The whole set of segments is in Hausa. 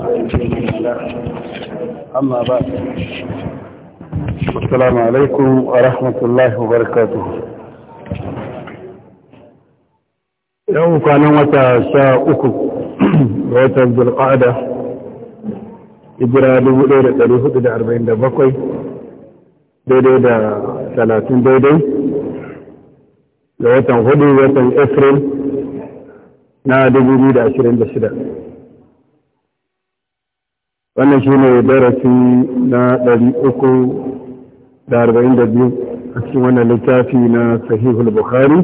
da aiki mai gida wa rahmatullahi wa barakatuh yau kwanan wata sha uku watan zulqa'ada hijira 1447 daidai da 30 daidai ga watan hudu watan april na 2026 wannan shi ne darasi na 342 a cikin wannan littafi na sahihul bukhari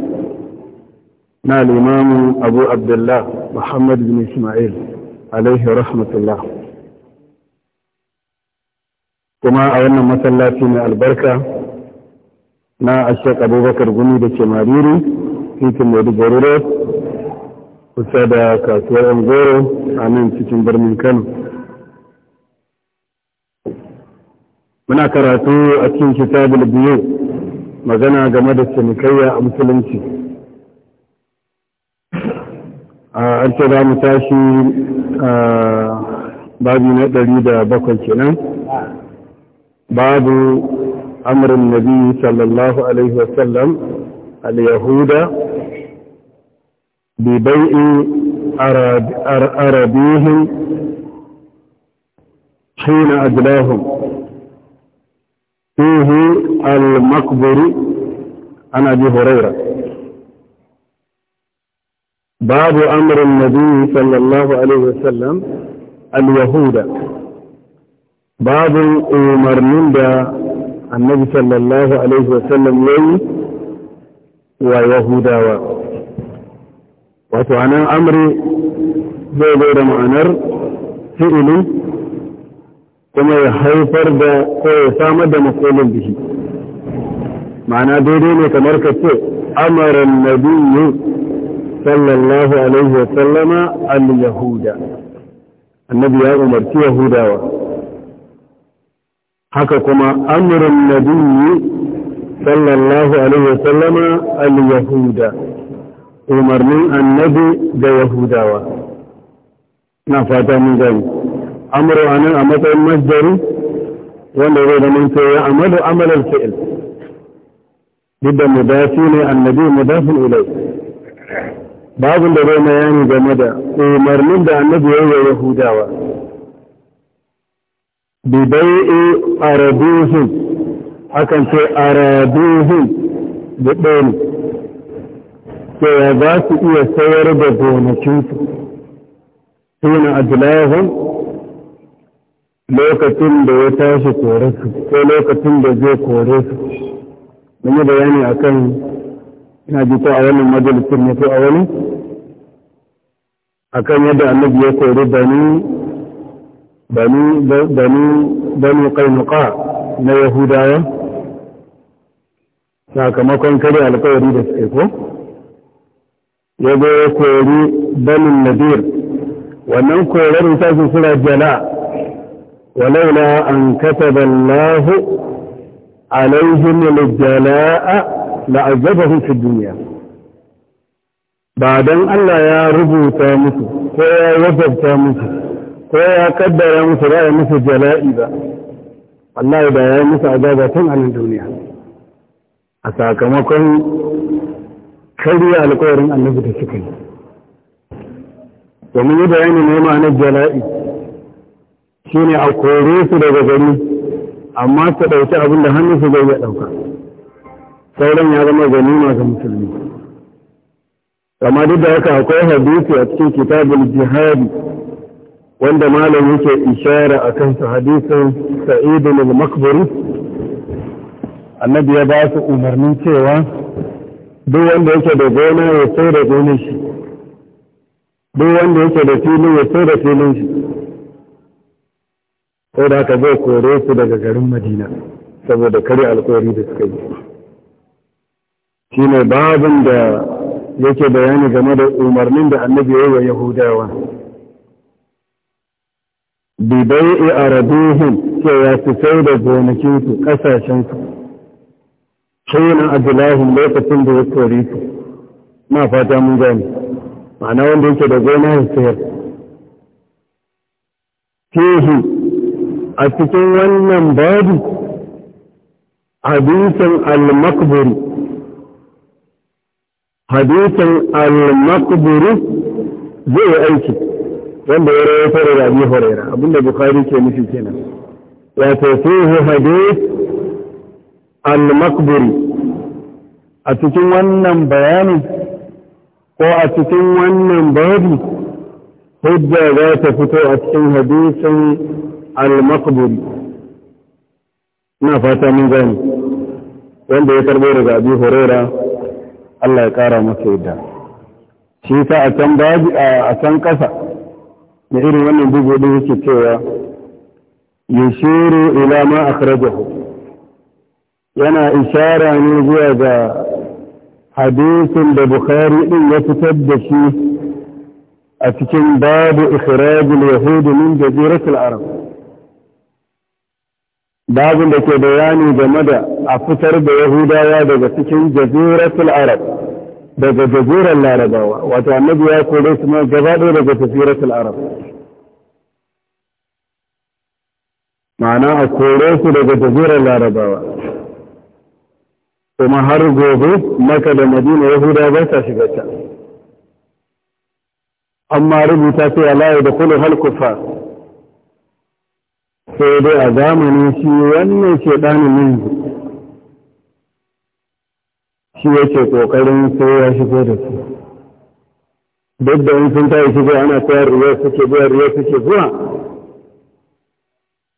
na limamin abu abdullah muhammad bin ismail alaihi rahmatullah kuma a wannan masallaci mai albarka na ashek abubakar gumi da ke mariri titin mai kusa da kasuwar angoro a nan cikin birnin kano muna karatu a cikin kitabul biyu magana game da cinikayya a musulunci an ce za mu tashi babi na ɗari da bakwai kenan babu amurin nabi sallallahu alaihi wasallam al-yahuda bai'i arabihin حين أجلاهم فيه المقبر عن أبي هريرة باب أمر النبي صلى الله عليه وسلم اليهود باب أمر من النبي صلى الله عليه وسلم لي ويهودا وتعنى أمر زي غير معنر فعل kuma ya haifar da ko ya samar da makolin bihi ma'ana daidai ne kamar ka ce amaran nabiyyu sallallahu alaihi wasallama sallama al-yahuda annabi ya umarci yahudawa haka kuma amurin nabiyyi sallallahu alaihi wasallama sallama al-yahuda umarnin annabi ga yahudawa na fata mun gani amru anan a matsayin masjari wanda zai da mun ya amalu amalar fi'il duk da mudafi ne annabi mudafin ilai babin da zai bayani game da umarnin da annabi ya yi yahudawa bidai'i arabihin akan ce arabihin da ke ya za su iya sayar da gonakinsu suna adilahun lokacin da ya tashi kore su ko lokacin da zai kore su mun yi bayani akan ina ji a wannan majalisar ne ko a wani akan yadda annabi ya kori bani bani bani bani qainuqa na yahudawa sakamakon kare alkawari da suke ko ya ya kori banin nadir wannan korar ta su sura jala ولولا أن كتب الله عليهم الجلاء لعجبهم في الدنيا بعدن Allah ya rubuta musu ko ya wajabta musu ko ya kaddara musu ba ya musu jala'i ba wallahi da ya musu azaba tun a nan duniya a sakamakon karya alkawarin annabi da suka yi domin yi bayani ne ma'anar jala'i shi ne a kore su daga gari amma su ɗauki abin da hannun su zai iya ɗauka sauran ya zama gani masu musulmi amma duk da haka akwai hadisi a cikin kitabul jihadi wanda malam yake ishara a kansa hadisin sa'idun al-makburi annabi ya ba su umarnin cewa duk wanda yake da gona ya sai da gonin shi duk wanda yake da filin ya sai da filin shi da haka zai kore su daga garin madina saboda kare alkawari da suka yi shi ne babin da yake bayani game da umarnin da annabi ya yi wa yahudawa bibai a rabihin cewa su sai da gonakinsu ƙasashensu shirin abdullahin lokacin da ya kore su na fata mun gani ma'ana wanda yake da gona ya sayar fihi a cikin wannan babu hadisin al-makburi hadisin al-makburi zai yi aiki wanda ya rayu fara da abi horera abinda bukhari ke nufi kenan ya tafihu hadis al-makburi a cikin wannan bayani ko a cikin wannan babu hujja za ta fito a cikin hadisin al-maqburi ina fata min gani wanda ya karbo daga abu huraira Allah ya kara masa yadda shi ta a can baji a can kasa da irin wannan bugu din yake cewa yushiru ila ma akhrajahu yana ishara ne zuwa ga hadisin da bukhari din ya fitar da shi a cikin babu ikhrajul yahudi min jaziratul arab babin da ke bayani game da a fitar da yahudawa daga cikin jaziratul arab daga jaziran larabawa wato annabi ya kore su ma gaba ɗaya daga jaziratul arab ma'ana a kore su daga jaziran larabawa kuma har gobe maka da madina yahudawa ba ta shiga ta amma rubuta sai Allah da kullu hal kuffar sai dai a zamanin shi wannan ɗani min shi yake ƙoƙarin sai ya shigo da su duk da in sun tayi shigo ana tsayar ruwa suke zuwa ruwa suke zuwa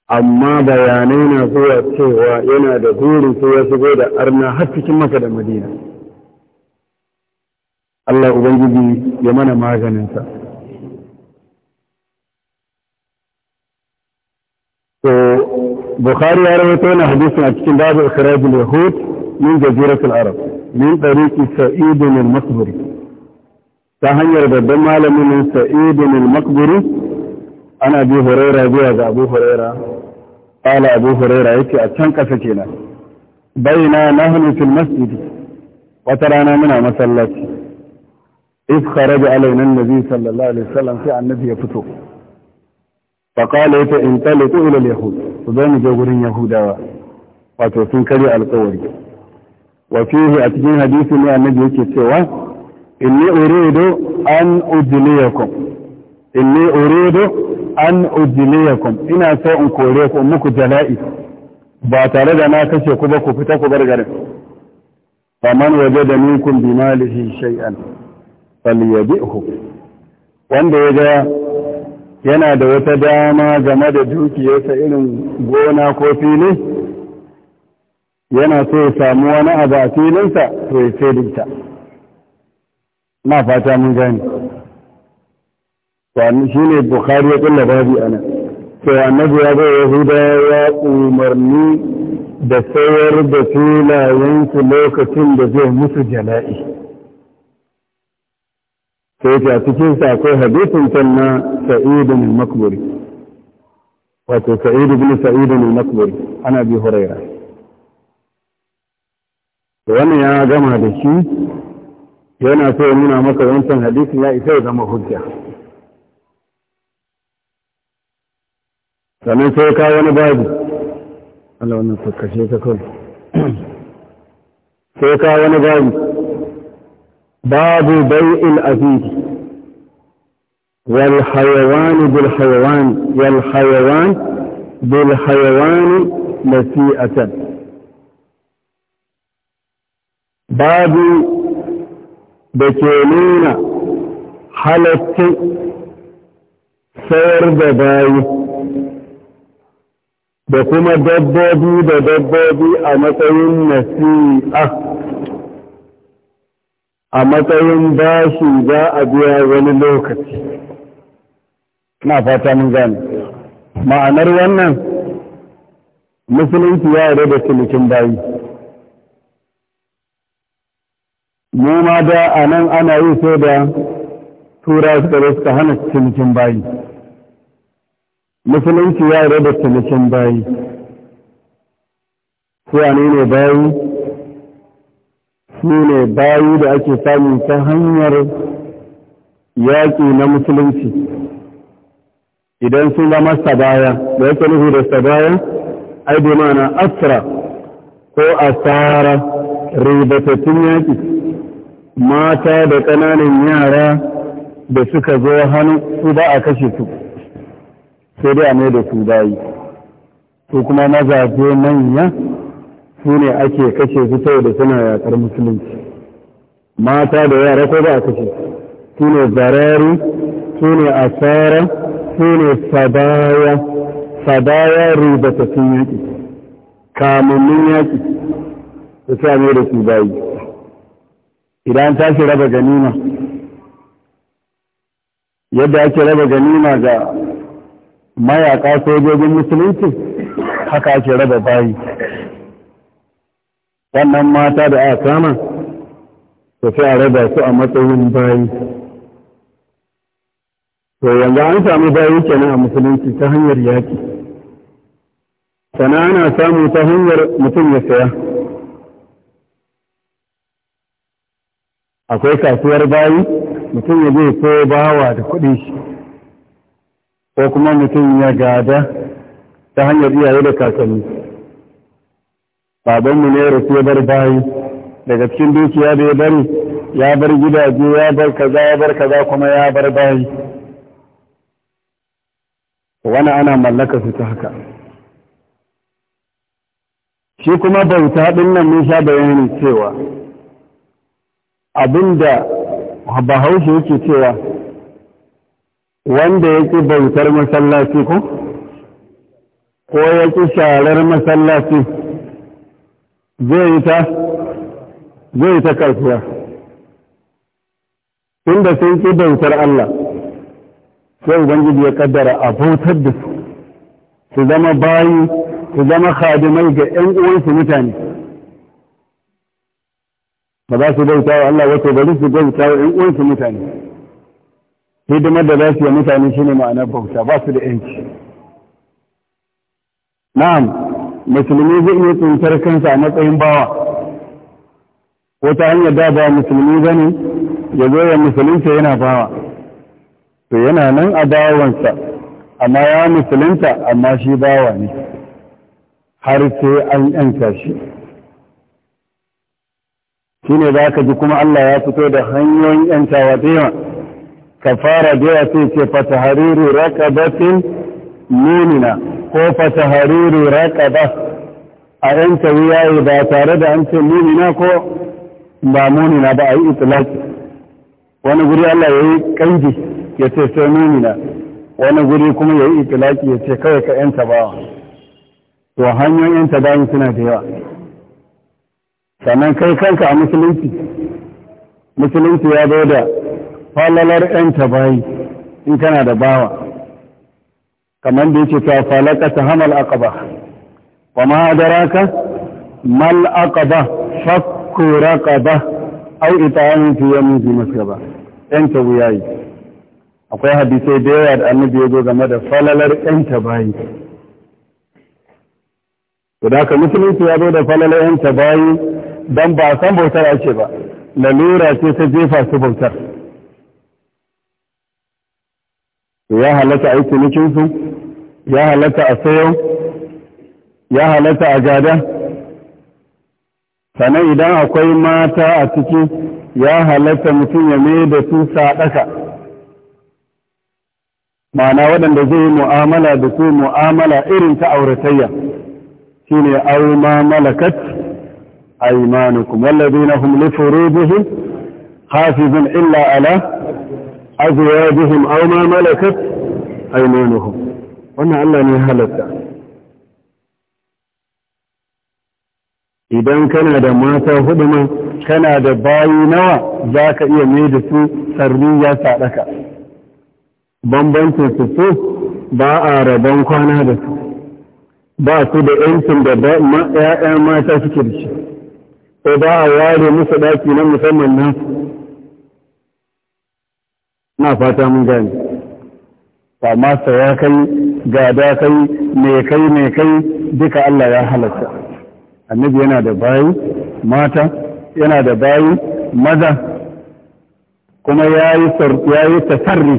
amma bayanai na zuwa cewa yana da burin sai ya shigo da arna har cikin maka da madina Allah Ubangiji ya mana maganinsa. bukhari ya rawaito na hadisin a cikin babu ikhrajul yahud min jaziratul arab min tariqi sa'id al ta hanyar babban malamin sa'id al-maqburi ana bi huraira zuwa ga abu huraira qala abu huraira yake a can kasa kenan baina nahnu fil masjid wata rana muna masallaci iz kharaja sallallahu alaihi sai annabi ya fito faƙala ya in tsale ko ilal yahud su zo je wato sun karya alkawari wa fihi a cikin hadisi ne annabi yake cewa inni uridu an ujliyakum inni uridu an ujliyakum ina so in kore ku muku jala'i ba tare da na kashe ku ba ku fita ku bar garin faman wajada minkum bi malihi shay'an falyabihu wanda ya ga yana da wata dama game da dukiyarsa irin gona ko fili yana so ya samu wani abu a filinsa to ya filinta na fata mun gani wani shi ne bukari ya kulla babi a nan to annabi ya zai yahuda ya umarni da sayar da filayensu lokacin da zai musu jala'i sai ta cikin sa akwai hadisin can na sa'id bin makburi wato sa'id bin sa'id bin makburi ana bi huraira to Wani ya gama da shi yana so ya nuna maka wancan hadisi ya isa ya zama hujja sannan sai ka wani babu Allah wannan kashe ta kawai sai ka wani babu باب بيع الأزيد والحيوان بالحيوان والحيوان بالحيوان نسيئة باب بكينين حلت سير دبايه بكما دبابي دبابي أمتين نسيئة a matsayin bashi za a biya wani lokaci na fata mun gane ma'anar wannan musulunci ya yarda da cinikin bayi mu ma da a nan ana yi sai da tura suka da suka hana cinikin bayi musulunci ya yarda da cinikin bayi su ne bayi shi ne bayi da ake samu ta hanyar yaƙi na musulunci idan sun zama sabaya da yake nufi da sabaya ai bi mana asra ko asara ribatattun yaƙi mata da ƙananan yara da suka zo hannu su ba a kashe su sai dai a mai da su bayi su kuma mazaje manya su ne ake kashe su saboda suna yaƙar musulunci mata da yara ko ba a kashe su ne zarari su ne asara su ne sadaya sadaya sun yaƙi kamunin yaƙi ta same da su bayi idan shi raba ganima yadda ake raba ganima ga mayaƙa sojojin musulunci haka ake raba bayi wannan mata da aka kama ta sai a raba su a matsayin bayi to yanzu an sami bayi kenan a musulunci ta hanyar yaƙi sana ana samu ta hanyar mutum ya saya akwai kasuwar bayi mutum ya zai ko bawa da kuɗi. shi ko kuma mutum ya gada ta hanyar iyaye da kakanni babanmu ne rasu ya bar bayi daga cikin dukiya da ya bari ya bar gidaje ya bar kaza ya bar kaza kuma ya bar bayi wani ana mallaka su ta haka shi kuma bauta ɗin nan mun sha bayani cewa abinda bahaushe yake cewa wanda ya ƙi bautar masallaci ko ko ya ƙi sharar masallaci zai yi ta karfiya inda sun ƙi bautar Allah sai ubangiji ya kaddara a bautar da su su zama bayi su zama khadimai ga 'yan uwansu mutane ba za su bauta wa Allah wato bari su bauta wa 'yan uwansu mutane hidimar da za su yi mutane shine ma'anar bauta ba su da 'yanci na'am musulmi zai iya tsintar kansa a matsayin bawa wata hanyar da ba musulmi ba ne ya zo ya musulunta yana bawa to yana nan a bawansa amma ya musulunta amma shi bawa ne har sai an yanka shi shi ne za ka ji kuma Allah ya fito da hanyoyin yantawa da ka fara biya sai ce fata raka batin nunina ko fata hariru raƙaba a ‘yanta wuyaye ba tare da an ce munina ko ba munina ba a yi itilaki wani guri Allah ya yi ƙangi ya ce sai munina wani guri kuma ya yi itilaki ya ce kawai ka ‘yanta bawa to hanyoyin ‘yanta bayan suna da yawa sannan kai kanka a musulunci musulunci ya zo da falalar ‘yanta bayi in kana da bawa kamar da yake ta falaka ta hamal aqaba wa ma adraka mal aqaba fakku raqaba aw ita'an fi yamin fi maskaba dan ta wuyayi akwai hadisai da yawa da annabi ya zo game da falalar yan ta bayi to da ka musulunci ya zo da falalar yan ta bayi dan ba san bautar ake ba lalura ce ta jefa su bautar ya halatta a yi cinikinsu ya halatta a sayo ya halatta a gada sannan idan akwai mata a ciki ya halatta mutum ya mai da su sadaka ma'ana waɗanda zai yi mu'amala da su mu'amala irin ta auratayya shine au ma malakat aymanukum walladhina hum li furujihim hafizun illa ala azwajihim aw ma malakat aymanuhum wannan Allah ne halatta idan kana da mata hudu ma kana da bayi nawa za ka iya mai da su sarri ya sadaka bambancin su ba a rabon kwana da su ba su da yancin da ya'ya mata suke da shi ko ba a ware musu daki na musamman nasu na fata mun gani ba masa ya kai gada kai mai kai mai kai duka Allah ya halatta annabi yana da bayi mata yana da bayi maza kuma ya yi tasarri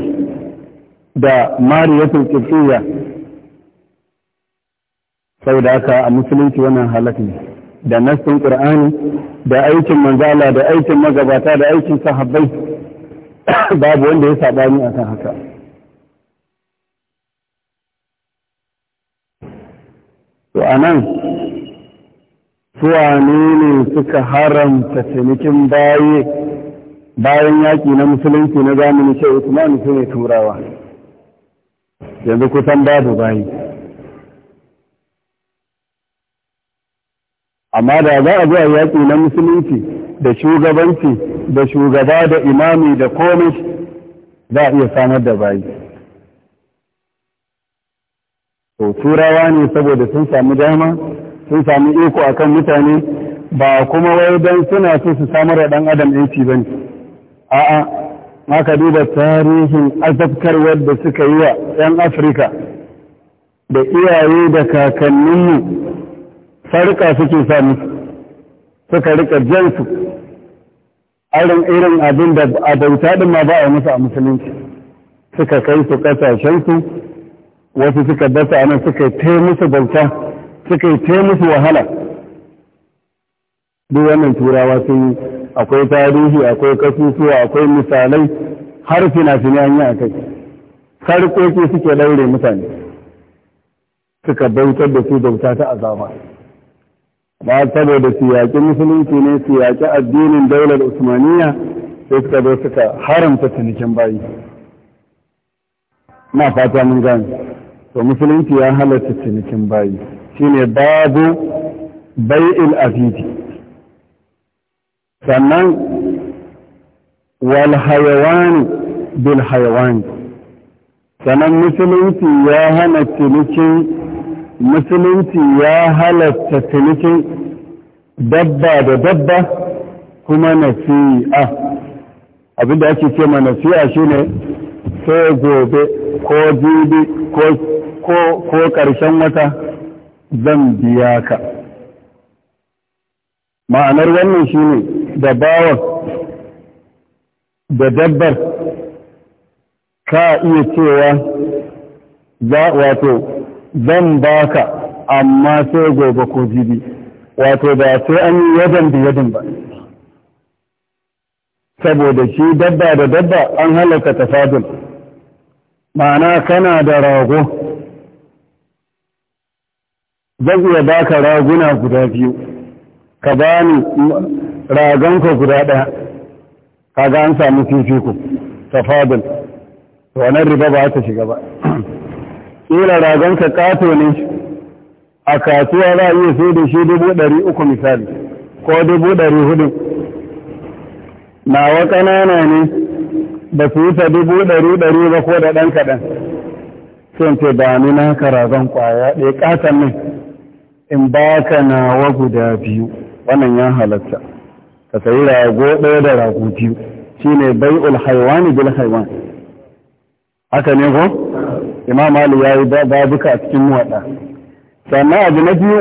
da mariyatul kirkiya sau da aka a musulunci wannan halak ne da nassin ƙur'ani da aikin manzala da aikin magabata da aikin sahabbai babu wanda ya saɓani akan haka to a nan suwane ne suka haramta cinikin baye bayan yaƙi na musulunci na zamani ce usmanu su ne turawa yanzu kusan babu bayi amma da za a zuwa yaƙi na musulunci da shugabanci da shugaba da imami da komai za a iya samar da bayi to turawa ne saboda sun sami dama sun sami iko akan mutane ba kuma wai don suna so su samar da ɗan adam yanci ba ne a'a maka duba tarihin azabtarwar da suka yi wa 'yan Afrika. da iyaye da kakanninmu farka suke sami suka rika jansu Arin irin abin da a bauta din ma ba a musu a musulunci suka kai su su, wasu suka dasa na suka ta musu bauta suka ta musu wahala duk wannan turawa sun yi akwai tarihi akwai kasusuwa akwai misalai har fina an yi a kai sarƙoƙi suke daure mutane suka bautar da su bauta ta azaba ba saboda siyaƙi musulunci ne siyaƙi addinin daular usmaniya sai suka zo suka haramta cinikin bayi na fata mun gani to musulunci ya halatta cinikin bayi shine babu bai'il afidi sannan wal hayawani bil hayawani sannan musulunci ya hana cinikin musulunci ya halatta cinikin dabba da dabba kuma nasi'a abinda ake ce ma nasi'a shine sai gobe ko jibi ko ƙarshen wata zan biya ka ma'anar wannan shine da bawan da dabbar ka iya cewa za wato zan ba ka, amma sai gobe ko jibi wato ba sai an yi yadan da yadan ba saboda shi dabba da dabba an halaka tafadul ma'ana kana da rago zan iya baka raguna guda biyu ka bani raganka guda ɗaya kaga an samu fifiko tafadul wannan riba ba ta shiga ba ƙila raganka ƙato ne a kasuwa za a iya sai da shi dubu ɗari uku misali ko dubu ɗari hudu nawa ƙanana ne ba su wuce dubu ɗari ɗari ba ko da ɗan kaɗan sun ce ba ni na ka ƙwaya ɗaya ƙasa ne in ba ka nawa guda biyu wannan ya halatta ka sayi rago ɗaya da rago biyu Shi shine bai'ul haiwani bil haiwani haka ne ko imam ali ya yi babuka a cikin muwaɗa sannan abu na biyu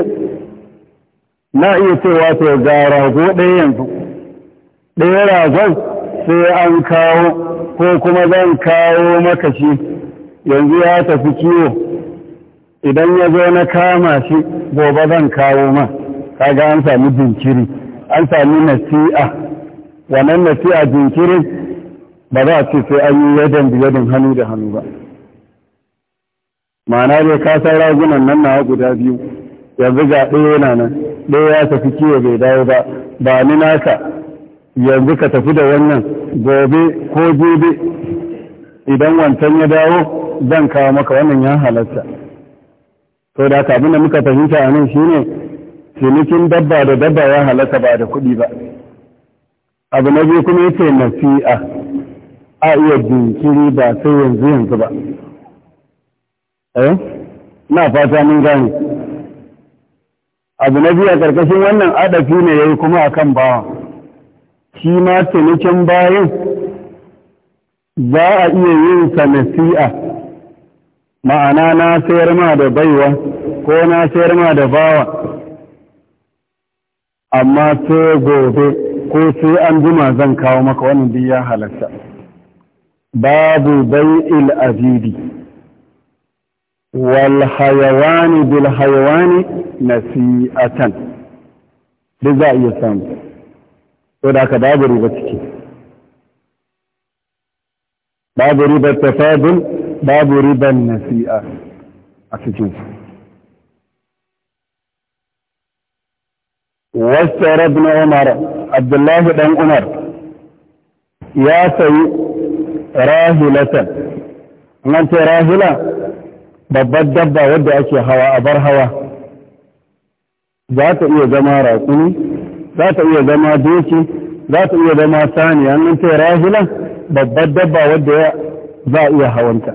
na iya cewa to ga rago ɗaya yanzu ɗaya ragon sai an kawo ko kuma zan kawo maka shi yanzu ya tafi kiwo idan ya zo na kama shi gobe zan kawo ma kaga an sami jinkiri an sami nasi'a wannan nasi'a jinkirin ba za a ce sai an yi yadda da hannu da hannu ba ma'ana dai ka san ragunan nan nawa guda biyu yanzu ga ɗaya yana nan ɗaya ya tafi kiwo bai dawo ba ba ni naka yanzu ka tafi da wannan gobe ko gobe idan wancan ya dawo zan kawo maka wannan ya halatta to da ka abin da muka fahimta a nan shine cinikin dabba da dabba ya halatta ba da kuɗi ba abu na biyu kuma yace nasi'a a iya jinkiri ba sai yanzu yanzu ba Eh? na fata mun gane abu na biya karkashin wannan adafi ne ya yi kuma akan bawa shi ma cinikin bayan za a iya yin sa nasi'a ma'ana na sayar ma da baiwa ko na sayar ma da bawa amma sai gobe ko sai an jima zan kawo maka wannan biya halarta babu il abidi walhayawani bilhayawani can, duk za a iya samu ko da aka babu riba ciki babu ribar tafadul babu ribar nasi'a a cikin cikinsu wasu ibn umar abdullahi dan umar ya sayi rahilatan nan ce rahila babbar dabba wadda ake hawa a bar hawa za ta iya zama raƙuni za ta iya zama doki za ta iya zama saniya nan ta rahila babbar dabba wadda za a iya hawanta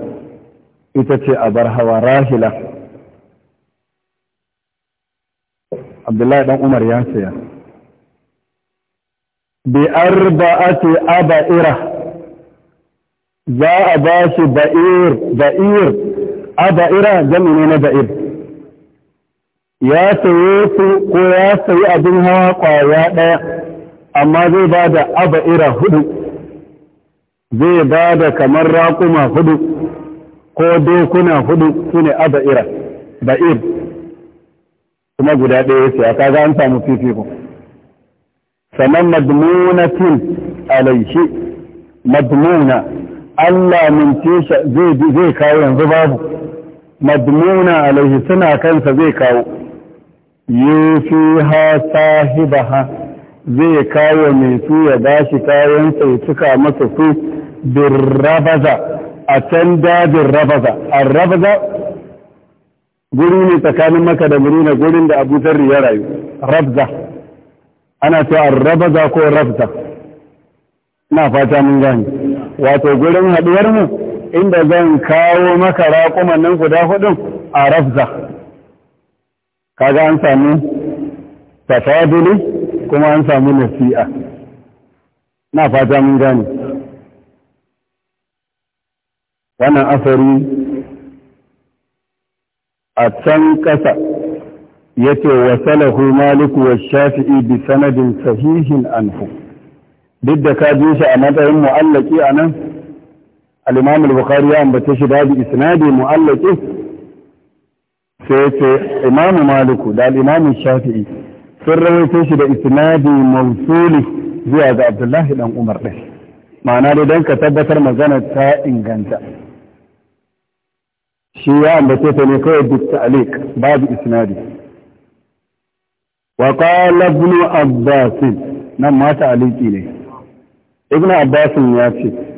ita ce a bar hawa rahila abdullahi dan umar ya saya bi arba'ati aba'ira za a ba shi ba'ir ba'ir a da'ira jami ne na da'ir ya saye su ko ya sayi abin hawa kwaya ɗaya amma zai ba da aba'ira hudu zai ba da kamar raƙuma hudu ko dokuna hudu su ne aba'ira ba'ir kuma guda ɗaya ce a kaga an samu fifiko sannan madmunatin alaishi madmuna Allah mince zai kawo yanzu babu madmuna alaihi suna kansa zai kawo yufi ha ha? zai kawo mai su ya bashi kayan sai cika masa su birrabaza a can dajin rabaza a rabaza guri ne tsakanin maka da murina gurin da abu ya rayu rabza ana a rabaza ko rabza na fata mun gani wato gurin haduwar mu inda zan kawo maka raƙuman nan guda hudun a rafza kaga an samu tafadili kuma an samu nasi'a na fata mun gane wannan asari a can ƙasa ya ce wa salahu maliku wa shafi'i bi sanadin sahihin anhu duk da ka ji shi a matsayin mu'allaki a nan al-imam ya ambace shi da bi isnadi mu'allaqi sai yace maliku da al shafi'i sun rawaito shi da isnadi mawsuli zuwa ga abdullahi dan umar din ma'ana dai dan tabbatar magana ta inganta shi ya ambace ta ne kawai duk ta'liq babu isnadi wa qala ibn abbas nan ma ta'liqi ne ibn ya ce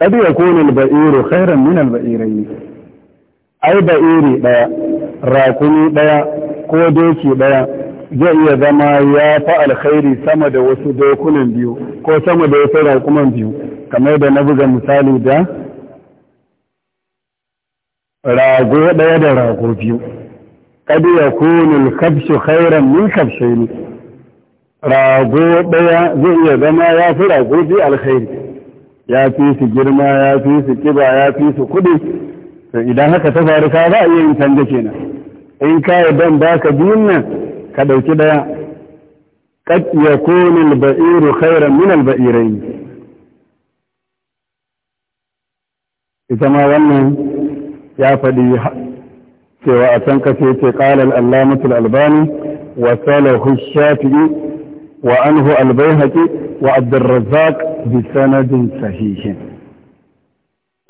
قد يكون البئير خيرا من البئيرين ai ba'iri ɗaya rakumi ɗaya ko doki ɗaya zai iya zama ya fi alkhairi sama da wasu dokunan biyu ko sama da wasu rakuman biyu kamar da na buga misali da rago ɗaya da rago biyu kadi ya kunul kabshu khairan min kabshaini rago ɗaya zai iya zama ya fi rago biyu alkhairi ya fi su girma ya fi su kiba ya fi su kuɗi to idan haka ta faru ka za a iya yin canje kenan in ka dan ba ka biyun nan ka ɗauki ɗaya kad yakunu al-ba'iru khairan min al-ba'irayn ita ma wannan ya faɗi cewa a san kace ce qala al-allamatul albani wa salahu shafi'i وعنه البيهقي وعبد الرزاق بسند صحيح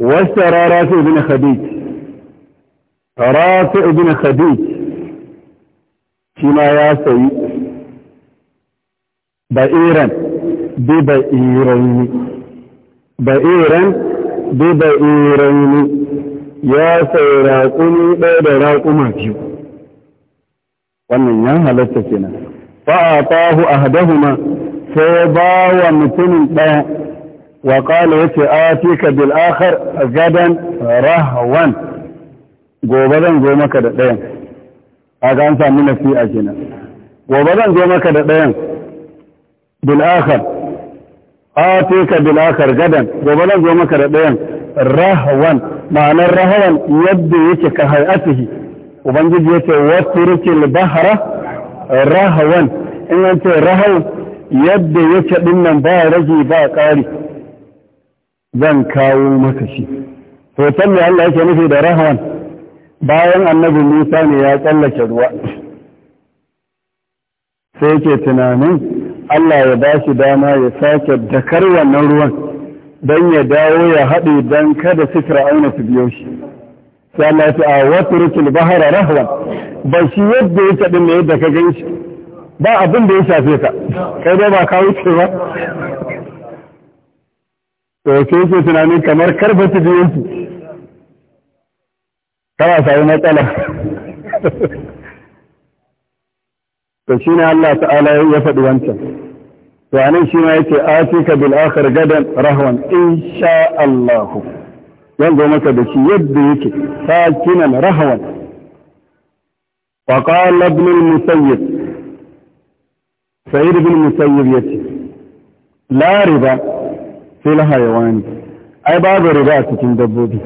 واشترى رافع بن خديج رافع بن خديج فيما يا سي بئيرا ببئيرين بئيرا ببئيرين يا سيراقني raƙumi ɗaya da يا biyu fa'atahu ahdahuma sai ba wa mutumin ɗaya wa yace atika bil akhar gadan rahwan gobe zan zo maka da ɗayan kaga an samu nasi'a kenan gobe zan zo maka da ɗayan bil akhar atika bil akhar gobe zan zo maka da ɗayan rahwan ma'anar rahwan yadda yake ka hay'atihi ubangiji yace wa turkil bahra rahawan in an ce rahau yadda yake dinnan ba rage ba ƙari zan kawo maka shi hoton mai Allah yake nufi da rahawan bayan annabi Musa ne ya tsallake ruwa sai yake tunanin Allah ya ba shi dama ya sake dakar wannan ruwan don ya dawo ya haɗe don kada su fir'auna su biyo shi sai Allah ta watrikil bahara rahwa ba shi yadda ya din ne da ka shi ba abin da ya shafe ka kai dai ba ka wuce ba to ke ke tunanin kamar karfe su biyu su kana sami matsala to ne Allah ta'ala ya faɗi wancan to anan shi ma yake atika a akhir gadan rahwan insha allahu. zan zo masa da shi yadda yake sakinan rahawan وقال ابن المسيب سعيد بن المسيب يتي لا ربا في الحيوان أي باب ربا تكين دبوبي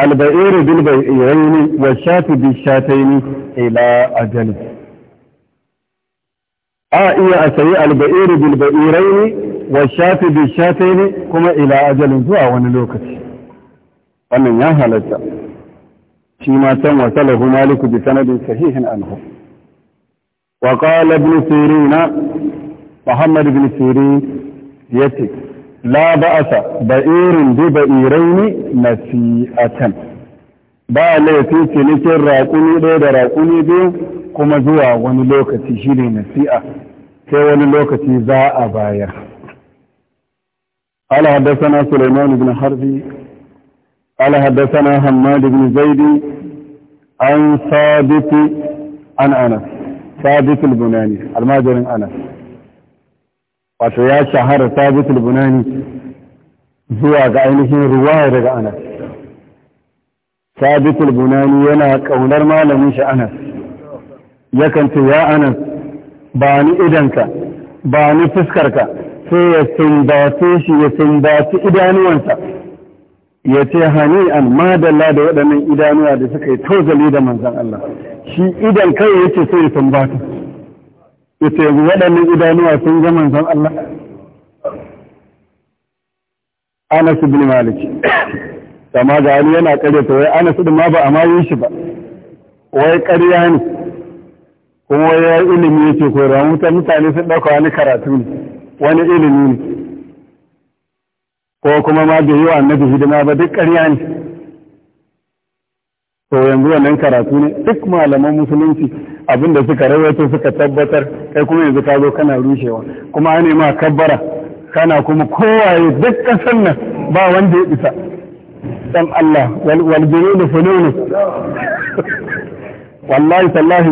البئير بالبئيرين والشاة بالشاتين إلى أجل آئية أسيء البئير بالبئيرين والشاة بالشاتين كما إلى أجل ذو ونلوكتي wannan ya halatta shi ma san wasalahu maliku bi sanadin sahihin anhu wa qala ibn sirin muhammad ibn sirin yace la ba'asa ba'irin bi ba'irayni nasi'atan ba laifi cinikin raƙuni ɗaya da raƙuni biyu kuma zuwa wani lokaci shi ne nasi'a sai wani lokaci za a bayar. Ala haddasa na sulaiman ibn Harbi قال حدثنا حماد بن زيد عن ثابت عن أنس ثابت البناني الماجر ya وتيا شهر ثابت bunani zuwa ga ainihin ruwaya daga anas sabit bunani yana kaunar malamin shi anas yakan ce ya anas ba ni idanka ba ni fuskarka sai ya sumbace shi ya sumbaci idanuwansa ya ce an madalla da waɗannan idanuwa da suka yi tozali da manzan Allah shi idan kai ya ce sai ya tambata. ta ya ce waɗannan idanuwa sun ga manzan Allah Anas ibn Malik kama ga Ali yana kare ta wai Anas din ma ba a mayin shi ba wai ƙarya ne kuma wai ilimi yake koyarwa mutane sun ɗauka wani karatu ne wani ilimi ne ko kuma ma bai yi wa annabi hidima ba duk ƙarya ne to yanzu wannan karatu ne duk malaman musulunci abinda suka rawaito suka tabbatar kai kuma yanzu ka zo kana rushewa kuma an ma kabbara kana kuma kowaye duk ƙasar nan ba wanda ya isa dan Allah wal da fununu wallahi tallahi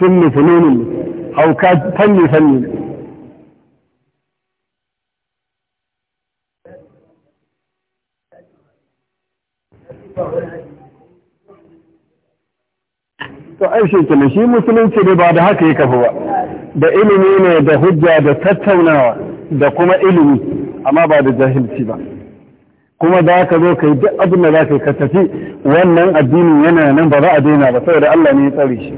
jinnu fununu ka fanni fanni to ai shi shi musulunci ne ba da haka ya kafa ba da ilimi ne da hujja da tattaunawa da kuma ilimi amma ba da jahilci ba kuma za ka zo ka yi duk abin da za ka ka tafi wannan addini yana nan ba za a daina ba saboda Allah ne ya tsare shi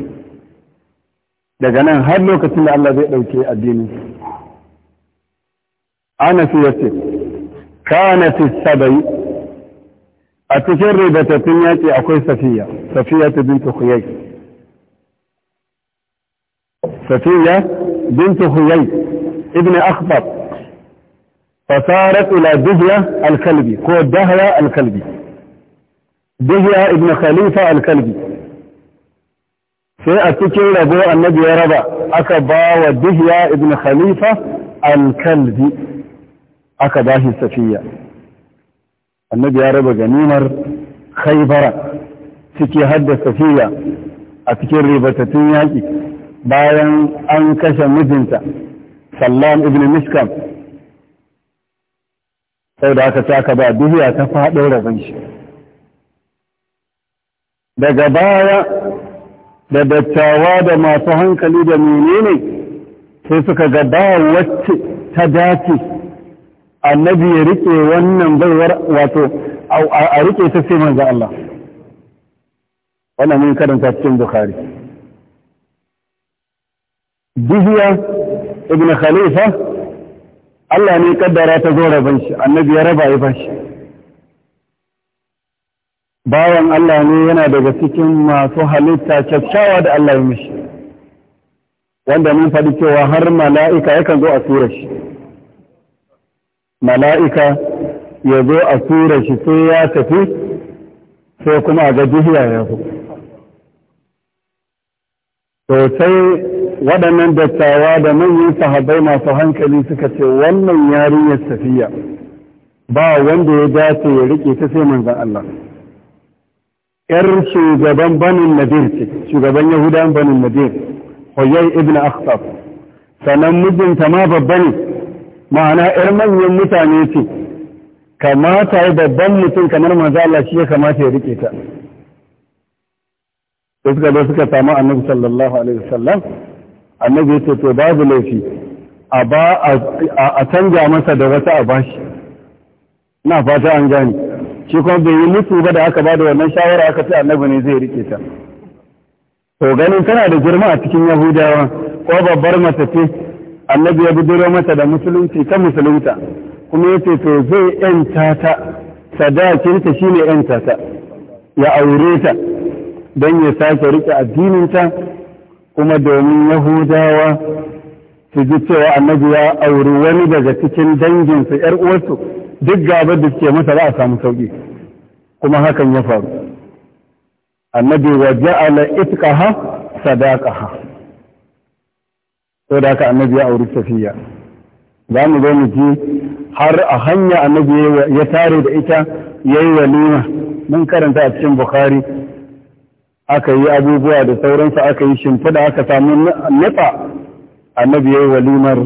daga nan har lokacin da Allah zai ɗauke addini Ana ya ce kana fi sabai a cikin ribatattun yaƙi akwai safiya safiya ta bintu huyai safiya bintu huyai ibn akhbar fasarat ila dihya al-kalbi ko dahya al-kalbi dihya ibn khalifa al-kalbi sai a cikin rabo annabi ya raba aka ba wa dihya ibn khalifa al-kalbi aka ba shi safiya annabi ya raba ganimar haifara ciki hadda safiya a cikin ribatattun yaƙi bayan an kashe mijinta sallam ibn miskam sau da aka saka ba duhiya ta faɗin rabin shi daga baya da dattawa da masu hankali da menene sai suka ga ba wacce ta dace annabi ya rike wannan baiwar wato a rike ta sai manzo Allah wannan mun karanta cikin bukhari dihiya ibn khalifa Allah ne kaddara ta zo raban shi annabi ya raba ya bashi bayan Allah ne yana daga cikin masu halitta kyakkyawa da Allah ya mishi wanda mun faɗi cewa har mala'ika yakan zo a tura shi mala'ika ya zo a tura shi sai ya tafi sai kuma a ga ya zo sosai waɗannan dattawa da manyan sahabai masu hankali suka ce wannan yarinyar safiya ba wanda ya dace ya rike ta sai manzan Allah ‘yar shugaban banin nadir ce shugaban yahudan banin nadir hoyar ibn akhtab sannan mijinta ma babba ne ma'ana ‘yar manyan mutane ce kamata yi babban mutum kamar manzo Allah shi ya kamata ya rike ta da suka da suka samu annabi sallallahu alaihi wasallam annabi ya ce to babu laifi a ba a canja masa da wata a bashi na fata an gani shi kuma bai yi mutu ba da aka ba da wannan shawara aka ce annabi ne zai rike ta to ganin tana da girma a cikin yahudawa ko babbar mace ce annabi ya buduro mata da musulunci ta musulunta kuma ya ce to zai yanta ta sadakinta ne yanta ta ya aure ta don ya sake rike addininta kuma domin yahudawa su ji cewa annabi ya auri wani daga cikin danginsu ‘yar uwarsu duk gaba da suke masa za a samu sauƙi kuma hakan ya faru annabi wa ja'ala itqaha sadaqaha sau da aka annabi ya auri safiya za mu zo mu je har a hanya annabi ya tare da ita ya yi walima mun karanta a cikin bukari aka yi abubuwa da sauransu aka yi shimfiɗa aka samu nafa annabi ya yi walimar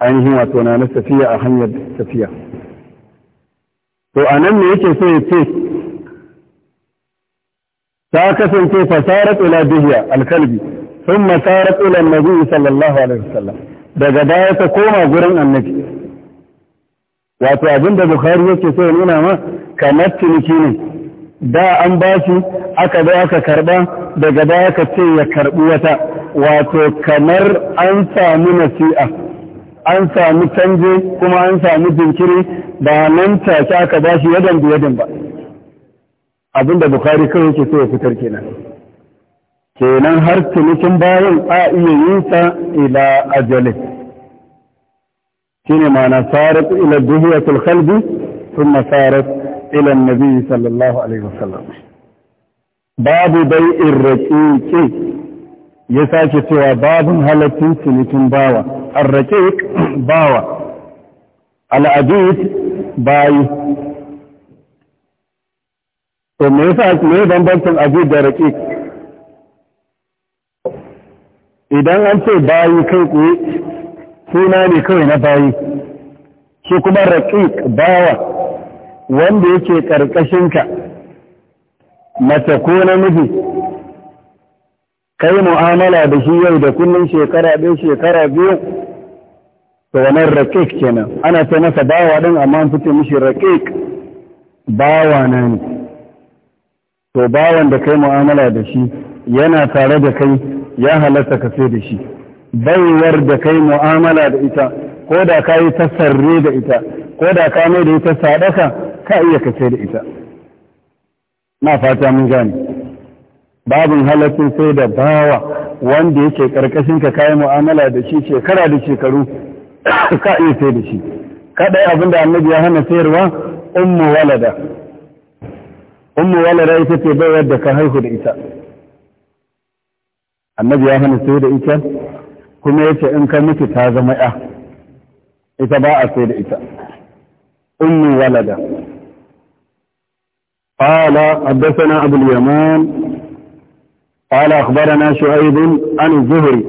ainihin wato na na safiya a hanyar safiya to a nan ne yake so ya ce ta kasance fasarar ila dihiya alkalbi sun masarar ilan nabi sallallahu alaihi wasallam daga baya ta koma gurin annabi wato abin da yake so ya nuna ma kamar ciniki ne da an ba aka da aka karba daga baya aka ce ya karbi wata wato kamar an samu nasi'a an samu canje kuma an samu jinkiri ba nan take aka ba shi yadan ba abin da bukari kawai yake so ya fitar kenan kenan har cinikin bayan a iya yin sa ila ajalin shine ma'ana sarat ila duhiyatul khalbi thumma sarat ila annabi sallallahu alaihi wasallam babu bai'ir raqiqi ya sake cewa babun halattun cinikin bawa ar-raqiq bawa al-abid bayi to me yasa me bambancin abid da raqiq idan an ce bayi kai tsaye suna ne kawai na bayi shi kuma raƙiƙ bawa wanda yake ƙarƙashinka mace ko namiji kai mu'amala da shi yau da kullum shekara ɗaya shekara biyu to wannan raƙiƙ kenan ana ce masa bawa ɗin amma an fice mishi raƙiƙ bawa na ne to bawan da kai mu'amala da shi yana tare da kai ya halatta ka sai da shi baiwar da kai mu'amala da ita ko da ka yi tasarre da ita ko da ka mai da ita sadaka ka iya ka sai da ita na fata mun gani. babin halattun sai da bawa wanda yake karkashin ka kai mu'amala da shi shekara da shekaru ka iya sai da shi kadai abinda annabi ya hana sayarwa ummu walada ummu walada ita ce baiwar da ka haihu da ita annabi ya hana sai da ita kuma yace in ka mutu ta zama ya ita ba a sai da ita ummi walada قال حدثنا أبو اليمان قال أخبرنا شعيب عن الزهري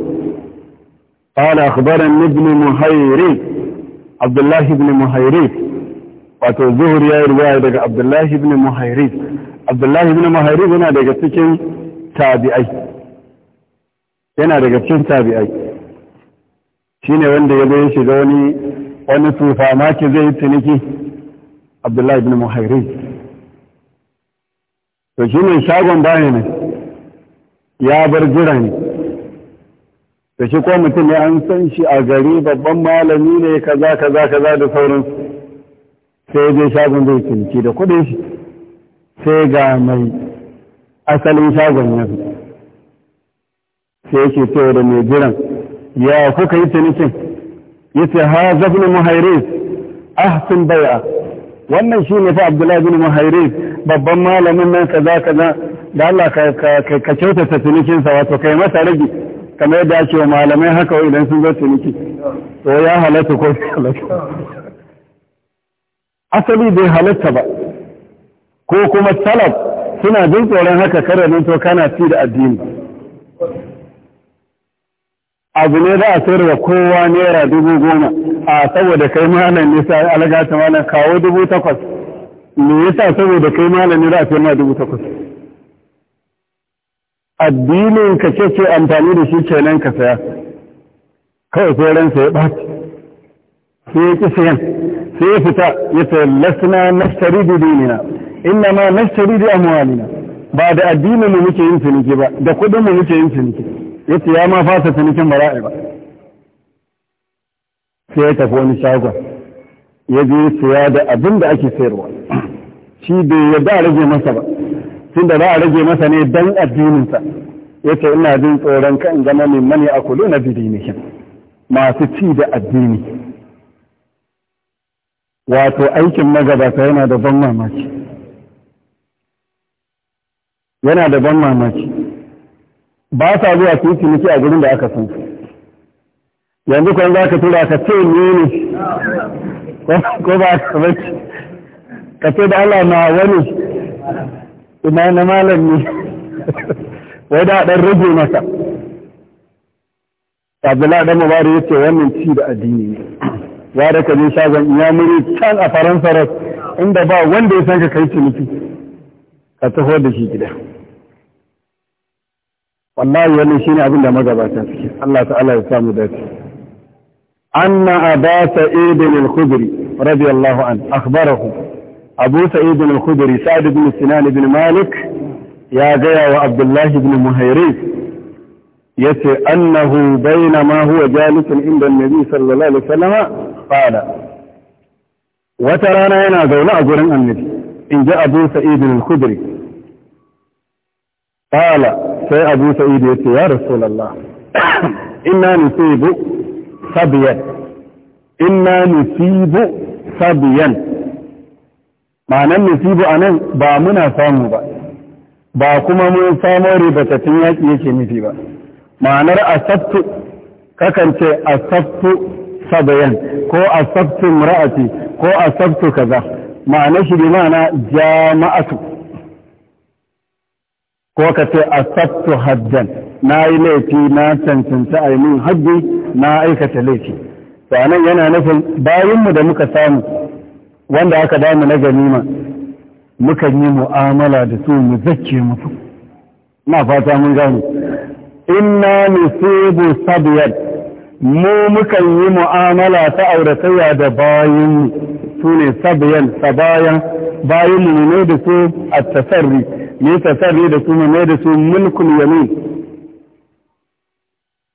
قال أخبرنا ابن مهيري عبد الله بن مهيري wato zuhur ya yi ruwaya daga abdullahi ibn muhairi abdullahi ibn muhairi yana daga cikin tabi'ai yana daga cikin tabi'ai shine wanda ya zai shiga wani wani tufa maki zai yi ciniki abdullahi ibn muhairi to shi ne shagon baya ne ya bar jira ne da shi ko mutum ne an san shi a gari babban malami ne kaza kaza kaza da sauran sai je shagon zai ciniki da kuɗin sai ga mai asalin shagon yanzu sai yake cewa da mai jiran ya kuka yi cinikin ya ce ha zafin muhairis ahsin bai'a wannan shi ne fa abdullahi bin muhairis babban malamin nan kaza kaza da Allah ka kyautata sa wato kai masa rage kamar yadda ake wa malamai haka idan sun zo ciniki to ya halatta ko halatta asali bai halatta ba ko kuma salaf suna jin tsoron haka karanin to kana fi da addini abu ne za a sayar wa kowa naira dubu goma a saboda kai malam ne sai algata malam kawo dubu takwas me yasa saboda kai malam ne za a sayar ma dubu takwas addinin ka ce ce amfani da shi kenan ka saya kawai sai ransa ya sai ya ƙi sayan sai ya fita ya sayar lasna nashtari da dinina inna ma nashtari da amwalina ba da addinin mu muke yin ciniki ba da kudin mu muke yin ciniki yace ya ma fasa cinikin bara'i ba sai ya tafi wani shagon ya je siya da abin da ake sayarwa shi bai ya a rage masa ba da za a rage masa ne dan addininsa ya ce ina jin tsoron kan zama mai mani a kulu na bidinihin masu ci da addini wato aikin magabata yana da ban mamaki yana da ban mamaki ba sa zuwa su yi ciniki a gurin da aka san yanzu kwan za ka tura ka ce ne ne ko ba ka bace ka ce da Allah na wani ina na malam ne wai da ɗan rage masa Abdullahi dan ya yace wannan ci da addini ne ya da ka je shagon muri can a faransa inda ba wanda ya san ka kai ciniki ka taho da shi gida wallahi wannan shine abin da magabata suke Allah ta'ala ya samu dace anna aba sa'id al-khudri radiyallahu abu sa'id al-khudri sa'd ibn malik ya gaya wa abdullahi ibn muhairis yace annahu bainama huwa jalisun inda annabi sallallahu alaihi wasallam wata rana yana zaune a gurin annabi in abu sa'id sai abu sa'id ya ce ya rasulallah inna nusibu sabiyan inna nusibu sabiyan ma'anan nusibu anan ba muna samu ba ba kuma mun samu ribatattun yaki yake nufi ba ma'anar asabtu kakan ce asabtu sabayan ko asabtu mura'ati ko asabtu kaza ma'ana shi ma'ana jama'atu ko ka ce asabtu haddan na yi laifi na cancanta a min haddi na aikata laifi to anan yana nufin bayanmu da muka samu wanda aka damu na ganima muka yi mu'amala da su mu zakke mutu. na fata mun gane inna nusibu sabiyar mu mukan yi mu'amala ta auratayya da bayin su ne sabiyan sabayan bayin mu ne da su a tasarri ta tasarri da su mu mai da su mulkul yamin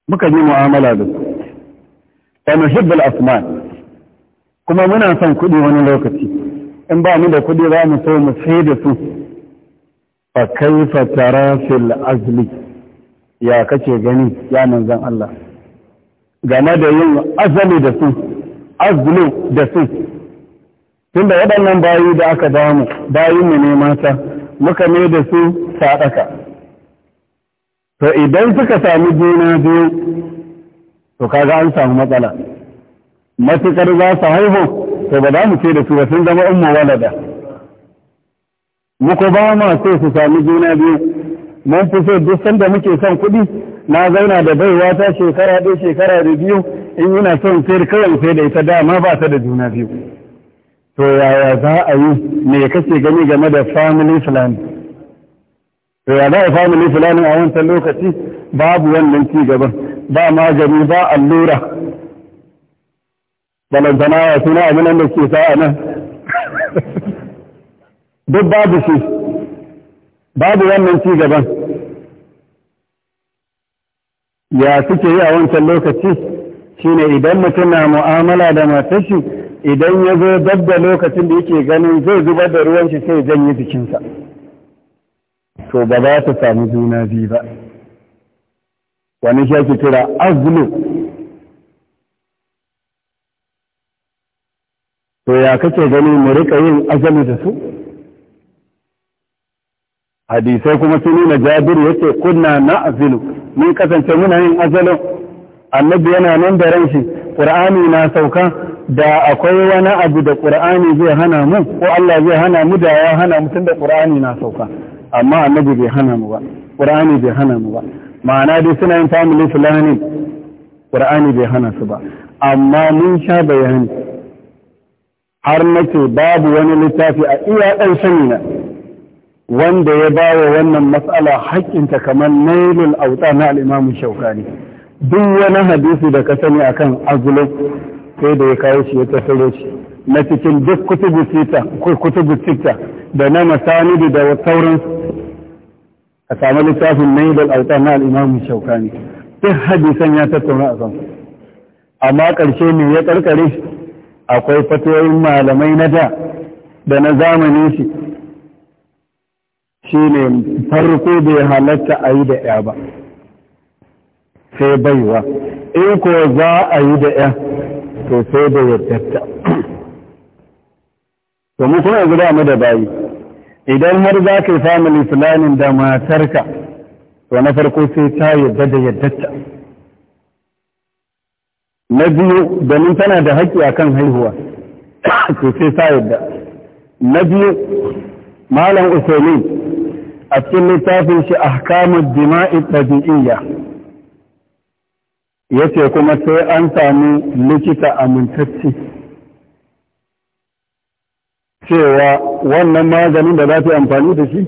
muka yi mu'amala da su wa nuhibbul asman kuma muna son kuɗi wani lokaci in ba mu da kuɗi za mu so mu sai da su fa kaifa tara fil azli ya kace gani ya manzon Allah game da yin azali da su azlu da su tunda waɗannan bayi da aka damu bayi mu ne mata muka mai da su sadaka to idan suka sami juna biyu to kaga an samu matsala matukar za su haihu to ba za mu ce da su ba sun zama umma walada muku ba ma so su sami juna biyu mun fi so duk sanda muke son kuɗi na zauna da baiwa ta shekara ɗaya shekara da biyu in yana son sayar kawai sai da ita dama ba ta da juna biyu to yaya za a yi me kake gani game da family planning to ya za a family planning a wancan lokaci babu wannan ci gaban ba magani ba allura balantana ya suna nan da ke sa'a nan duk babu shi babu wannan ci gaban ya suke yi a wancan lokaci shine idan mutum na mu'amala da matashi idan ya zo dabda lokacin da yake ganin zai zubar da ruwan shi sai janye jikinsa to ba za ta samu juna biyu ba wani shi kira azlu to ya kace gani mu rika yin azami da su hadisai kuma sun nuna jabiru yace kunna na azilu mun kasance muna yin azalin annabi yana nan da ran shi qur'ani na sauka da akwai wani abu da ƙur'ani zai hana mu ko Allah zai hana mu da ya hana mu da ƙur'ani na sauka amma annabi bai hana mu ba ƙur'ani bai hana mu ba ma'ana dai suna yin family planning ƙur'ani bai hana su ba amma mun sha bayani har nake babu wani littafi a iya ɗan sani na wanda ya ba wa wannan matsala haƙƙinta kamar nailul auta na al'imamu shaukani duk wani hadisi da ka sani akan azulai sai da ya kawo shi ya tattaro shi na cikin duk kutubu sita kutubu sita da na masani da sauran a samu littafin na da autan na al'imamu shaukani duk hadisan ya tattauna a kan amma ƙarshe ne ya ƙarƙare akwai fatoyin malamai na da da na zamani shi shi ne farko bai halatta a yi da ya ba sai baiwa in ko za a yi da ya to sai da yardarta to mu kuma guda mu da bayi idan har za ka yi family planning da matarka to na farko sai ta yadda da yardarta na biyu domin tana da haƙƙi akan haihuwa to sai ta yadda na biyu malam usaini a cikin littafin shi ahkamud dima'i tabi'iyya ya ce kuma sai an sami likita amintacci cewa wannan maganin da za ta amfani da shi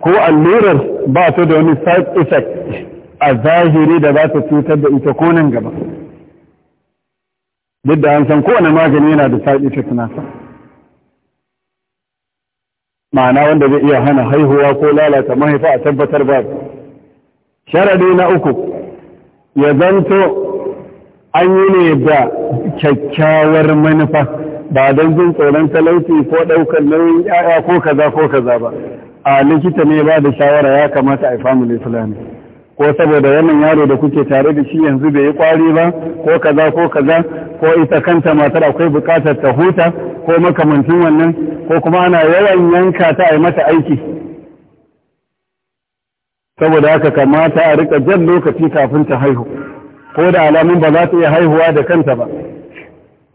ko allurar ba ta da wani side effect a zahiri da za ta cutar da ita ko nan gaba duk da an san kowane magani yana da side effect nasa ma'ana wanda zai iya hana haihuwa ko lalata mahaifa a tabbatar ba sharadi na uku ya zanto an yi ne da kyakkyawar manufa ba don jin tsoron talauci ko ɗaukar nauyin yaya ko kaza ko kaza ba a likita ne ba da shawara ya kamata a family fulani, ko saboda wannan yaro da kuke tare da shi yanzu bai yi kwari ba ko kaza ko kaza ko ita kanta matar akwai bukatar ta huta ko makamantin wannan ko kuma ana yawan yanka ta a mata aiki saboda haka kamata a rika jan lokaci kafin ta haihu ko da alamun ba za ta iya haihuwa da kanta ba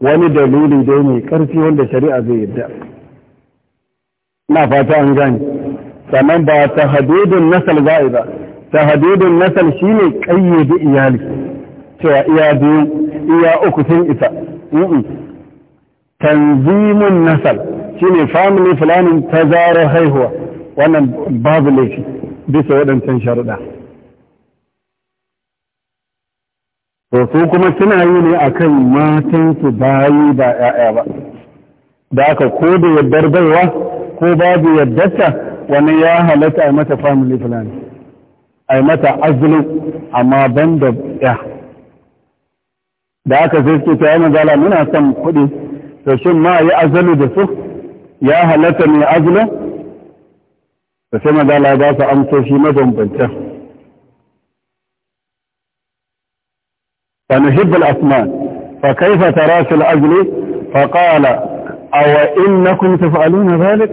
wani dalili dai mai karfi wanda shari'a zai yadda na fata an gane sannan ba ta hadudun nasal za'i ba ta hadudun nasal ne kayyade iyali cewa iya biyu iya uku sun isa tanzimun nasal ne family planning ta zarar haihuwa wannan babu laifi bisa waɗancan sharuɗa to su kuma suna yi ne akan matansu bayi ba 'ya'ya ba da aka ko da yaddar baiwa ko babu yaddarta wani ya halatta a mata family plan a mata azulu amma ban da ya da aka sai suke ta yi mazala muna son kuɗi to shin ma yi azalu da su ya halatta mai azulu da sai madala za su amsoshi mabambanta فنحب الأثمان فكيف ترى في الأجل فقال أو إنكم تفعلون ذلك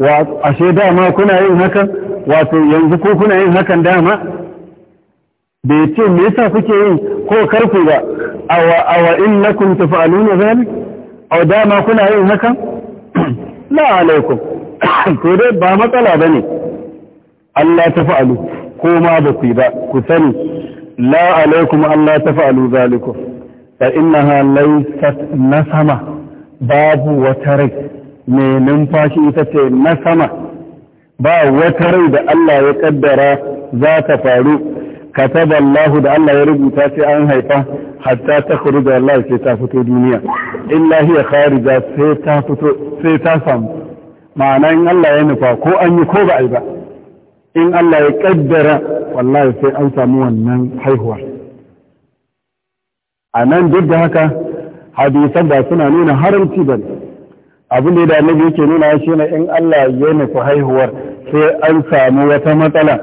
وأشي داما كنا yin haka wato yanzu ko kuna yin hakan dama bai ce me yasa kuke yin ko karku ba awa awa innakum tafaluna zalik aw dama kuna yin haka la alaikum to dai ba matsala ba ne Allah ta fa'alu ko ma ba ku ba ku sani la alaikum Allah ta fa'alu zaliku fa innaha laysat na sama babu wata rai mai numfashi ita ce na sama ba wata rai da Allah ya kaddara za ta faru kataba Allahu da Allah ya rubuta sai an haifa hatta ta da Allah sai ta fito duniya illa hiya kharija sai ta fito sai ta samu ma'ana in Allah ya nufa ko an yi ko ba a yi ba in Allah ya kaddara wallahi sai an samu wannan haihuwa a nan duk da haka hadisan ba suna nuna haramci ba ne da da annabi yake nuna shi ne in Allah ya nufa haihuwar sai an samu wata matsala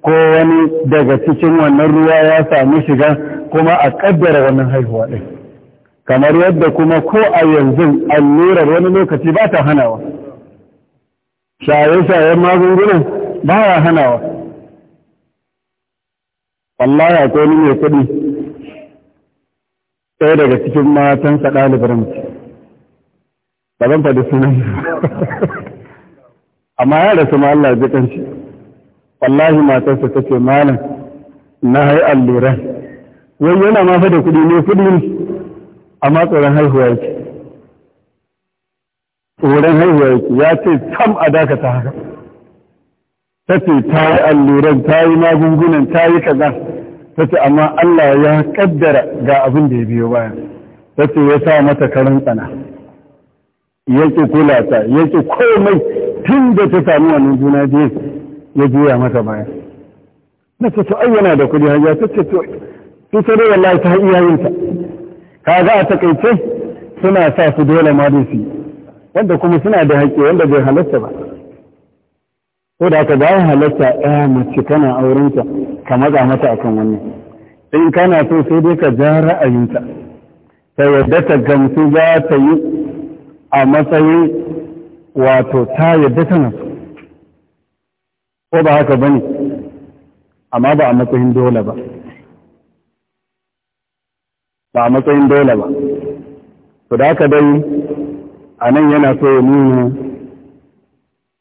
ko wani daga cikin wannan ruwa ya samu shiga kuma a kaddara wannan haihuwa ɗin kamar yadda kuma ko a yanzu allurar wani lokaci ba ta hanawa shaye-shayen magungunan ba ya hanawa wallahi ko ni mai kuɗi ɗaya daga cikin matansa ɗalibar mace ba zan faɗi sunan amma ya rasu ma Allah ji kanshi wallahi matarsa ta ce malam na hai allura wai yana ma fa da kuɗi ne kuɗi amma tsoron haihuwa yake tsoron haihuwa yake ya ce tam a dakata haka ta ce ta yi alluran ta yi magungunan ta yi kaza ta ce amma Allah ya kaddara ga abin da ya biyo baya. ta ce ya sa mata karin tsana yake kula ta yake komai tun da ta sami wannan juna biyu ya juya mata baya na ce to ayyana da kudi hanya ta ce to su sai wallahi ta ka kaga a takaice suna sa su dole ma da su wanda kuma suna da haƙƙi wanda bai halatta ba ko da aka bayan halatta ɗaya mace kana aurenta ka maza mata akan wannan in kana so sai dai ka ja ra'ayinta ta yadda ta gamsu za ta yi a matsayin wato ta yadda tana so ko ba haka ne amma ba a matsayin dole ba ba a matsayin dole ba to da haka dai a nan yana so ya nuna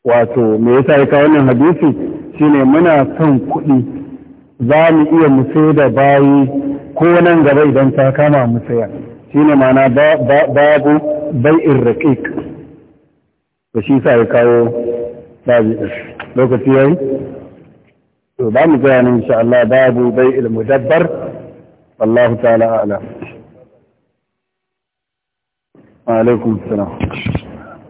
wato me yasa ya kawo wannan hadisi shine muna son kuɗi za mu iya mu sai da bayi ko nan gaba idan ta kama mu saya shine ma'ana babu bai'in raqiq da shi sa ya kawo babu lokaci yayi to ba mu gaya nan insha Allah babu bai'il mudabbar wallahu ta'ala a'lam alaikum salam